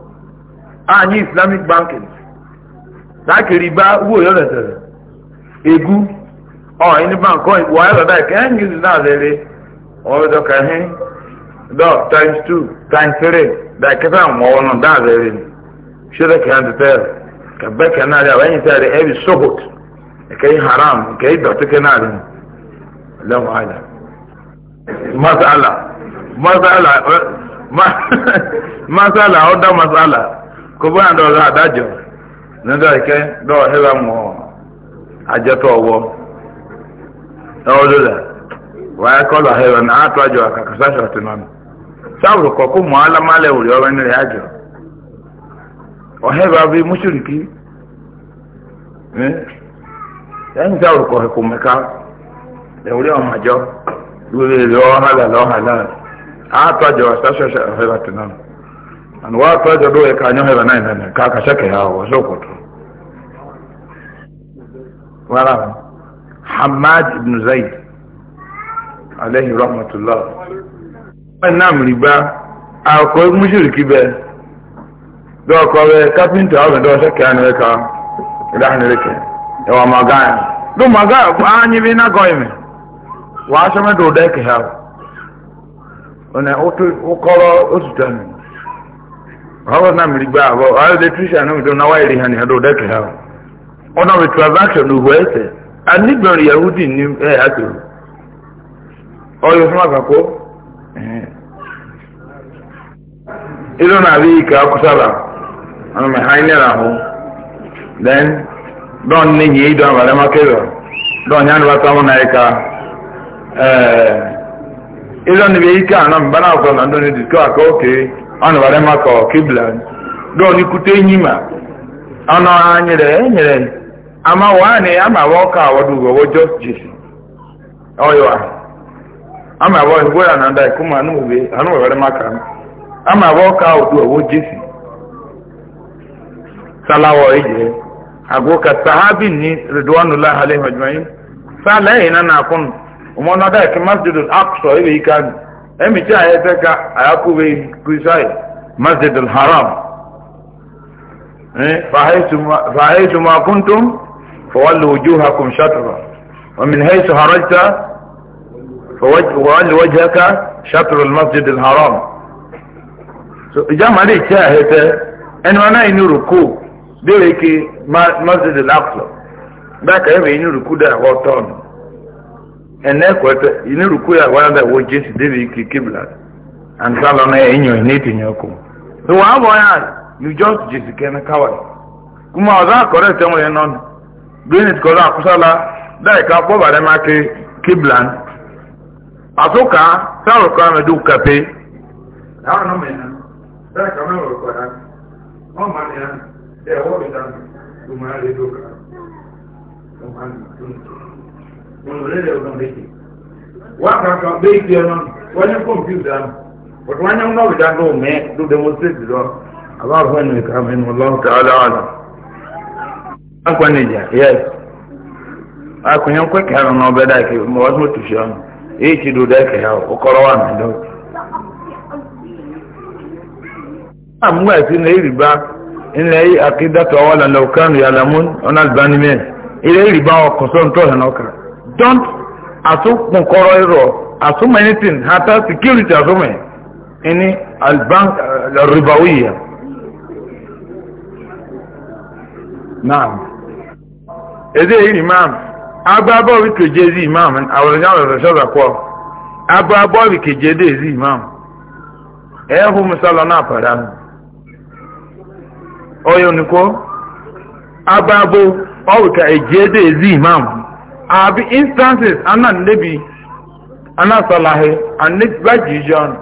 anyị ah, islamic banking lákìrì bá owó yọ lẹsẹrẹ egu ọ ẹni bank ọ wà á lọdà ẹkẹ ẹni yìí náà times two times three náà ni náà àwọn yìí haram yìí náà ni masala masala (laughs) masala masala. kóbá náà dọ̀la àdájọ́ nígbà ìkẹ́ dọ̀ọ̀ hẹ́wà mọ̀ àjẹtọ̀ ọwọ́ ẹ̀wọ́ lọ́la wàá kọ́lọ̀ náà àtọ́ àjọ àkàkàsá ṣọ̀tì náà sáwùrù kọ̀kú mọ̀ alámálẹ̀ òrì ọ̀rẹ́ nílẹ̀ àjọ ọ̀hẹ́wà bíi sáwùrù mẹ́ka ọmọ àjọ lórí ẹ̀rọ ọ̀hálà àtọ́ àjọ and watu waje doye ka nyohera naye nene ka kashake yao wasoko tu wala Hamad ibn Zaid alayhi rahmatullah nam riba akọ mushiriki be do ko be kapinta awe do shake anu ka rahne reke e wa magaya do bi na wa shame do de ke ha ona otu hawa na mligba abo ayo de na no do na wairi hani hado deke hao ona we transaction uwete ani gbon yahudi ni eh ato oyo oh, sma kako eh ilo na bi ka kusala ana me haine then don ni yi do abale don yan wa na eka eh ilo ni bi ka na mbana ko na ni disko akoke okay. ọnụ bara mma ka kibla dọọ n'ikute enyi e ma ọnụ ha enyere nyere ama wani ama wọ ka wọdụ wọwọ just jesu ọyọ a ama wọ igwe ya na nda ikuma anụ ube anụ wọrọ mma ka ama wọ ka wọdụ wọwọ jesu salawọ ije agwọ ka sahabi ni ọnụ ridwanullah alaihi wajimayi sa lẹyìn na na akụnụ ụmụ ọnọdụ ake masjidul aqsa ebe ike anyị emicha ya ebe ka ayakuwe kuisai masjid al-haram fahaitu ma kuntum fawallu wujuhakum shatra wa min haitu harajta fawallu wajhaka shatra al-masjid al-haram so ijama le cha hete enu ana inu ruku dere ke masjid al-aqsa baka ebe inu ruku da hoton ene kwete ya wana da woje si debi ki kibla an na enyo ne tinyo ko so wa bo ya you just jisi ken kawai kuma oza kore te mo non doing it da ka bo bare ma ki asoka sala ka me du kape na no me na da ka me ro ma ni na e olùrẹ́lẹ̀ ọ̀nà méjì wọ́n kàkà bẹ́ẹ̀ ìgbé ọ̀nà wọ́n ní kọ̀mpútà dànù but wọ́n ní ọ̀nà ìdá ló mẹ́ ló demonstrate lọ àbá fún ẹnu ìka mẹ́nu ọlọ́run tààlà ọ̀nà. akwanija yes akunyan kwekẹ ọ̀nà náà ọbẹ̀ dàkẹ́ mọ̀ ọdún òtúnṣe ọ̀nà èyí ti don't assume nkɔrɔ yi rɔ assume anything hata security assume ɛni albank ribawi yɛ naam ɛdɛ yi ni maam agbábọ̀ bi keje zi maam awɔrɔnyɛ awɔrɔnyɛ sɔrɔ kɔ agbábọ̀ bi keje de zi maam ɛyɛ e hu musalɔ náà pɛrɛ mi ɔyɛ onikɔ agbábọ̀ ɔwɔ ka eje de zi abi instances anan nebi ana salahi annabi baji john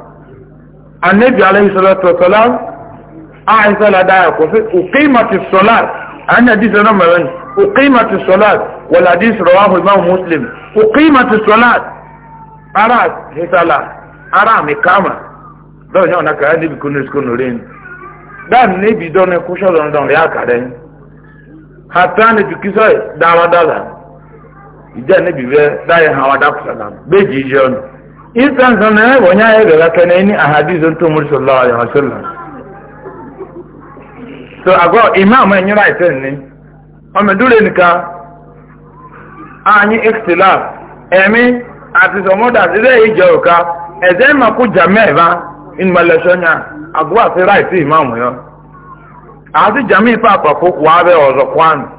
annabi alayhi salatu wa salam aisha la da ko fi uqimati salat an hadith na maran uqimati salat wal hadith rawahu imam muslim uqimati salat ara hisala ara mi kama do na ka nebi kunu skunu rin nebi don ko shalon don ya kare hatta ne dara. ije ne bibe dai hawa da salam be jijon insan sana wonya ya ga kana ni ahadithun to mursal sallallahu alaihi wasallam so ago imam en yura iten ni o me dure nika anyi ikhtilaf emi ati so moda dire ọrụ ka eze ma ku jameva in malashonya agwa se right imam yo ati jami papa ko wa be ozo kwanu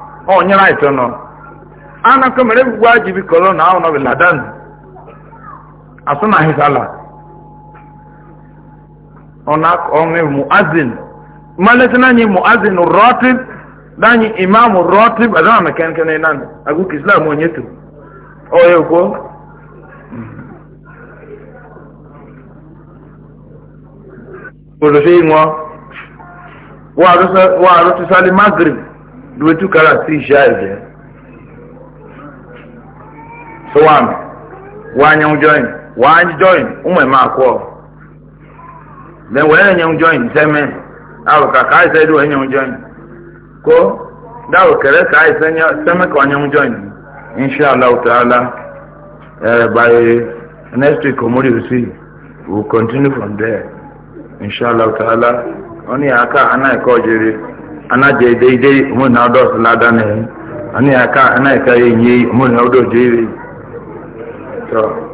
onye right anakọ mere kamere gwa jibi kolo na ono biladan na hisala ona onwe muazin malaka nanyi muazin ratib nanyi imam ratib adana meken ken na agu islam onye tu oyo ko olùsèyí wọn wọ́n àrùtí sali magreth dúró tú kára sí ìṣe So am wàá nyẹ́ join wàá join ọmọ ẹ̀ máa kọ́ ọ then wàá nyẹ́ join semen. àrùkà káà ìṣe ìdúró nyẹ́ join Ko dáwọ̀ kẹrẹ́ káà ìṣe sẹ́mẹ́ kọ́ nyẹ́ join inshallah ta'ala uh, by next week omori osi we will continue from there inshallah ta'ala wọ́n ní àká àná ana je daidai mun na do lada ne ani aka ana ka yi mun na do je to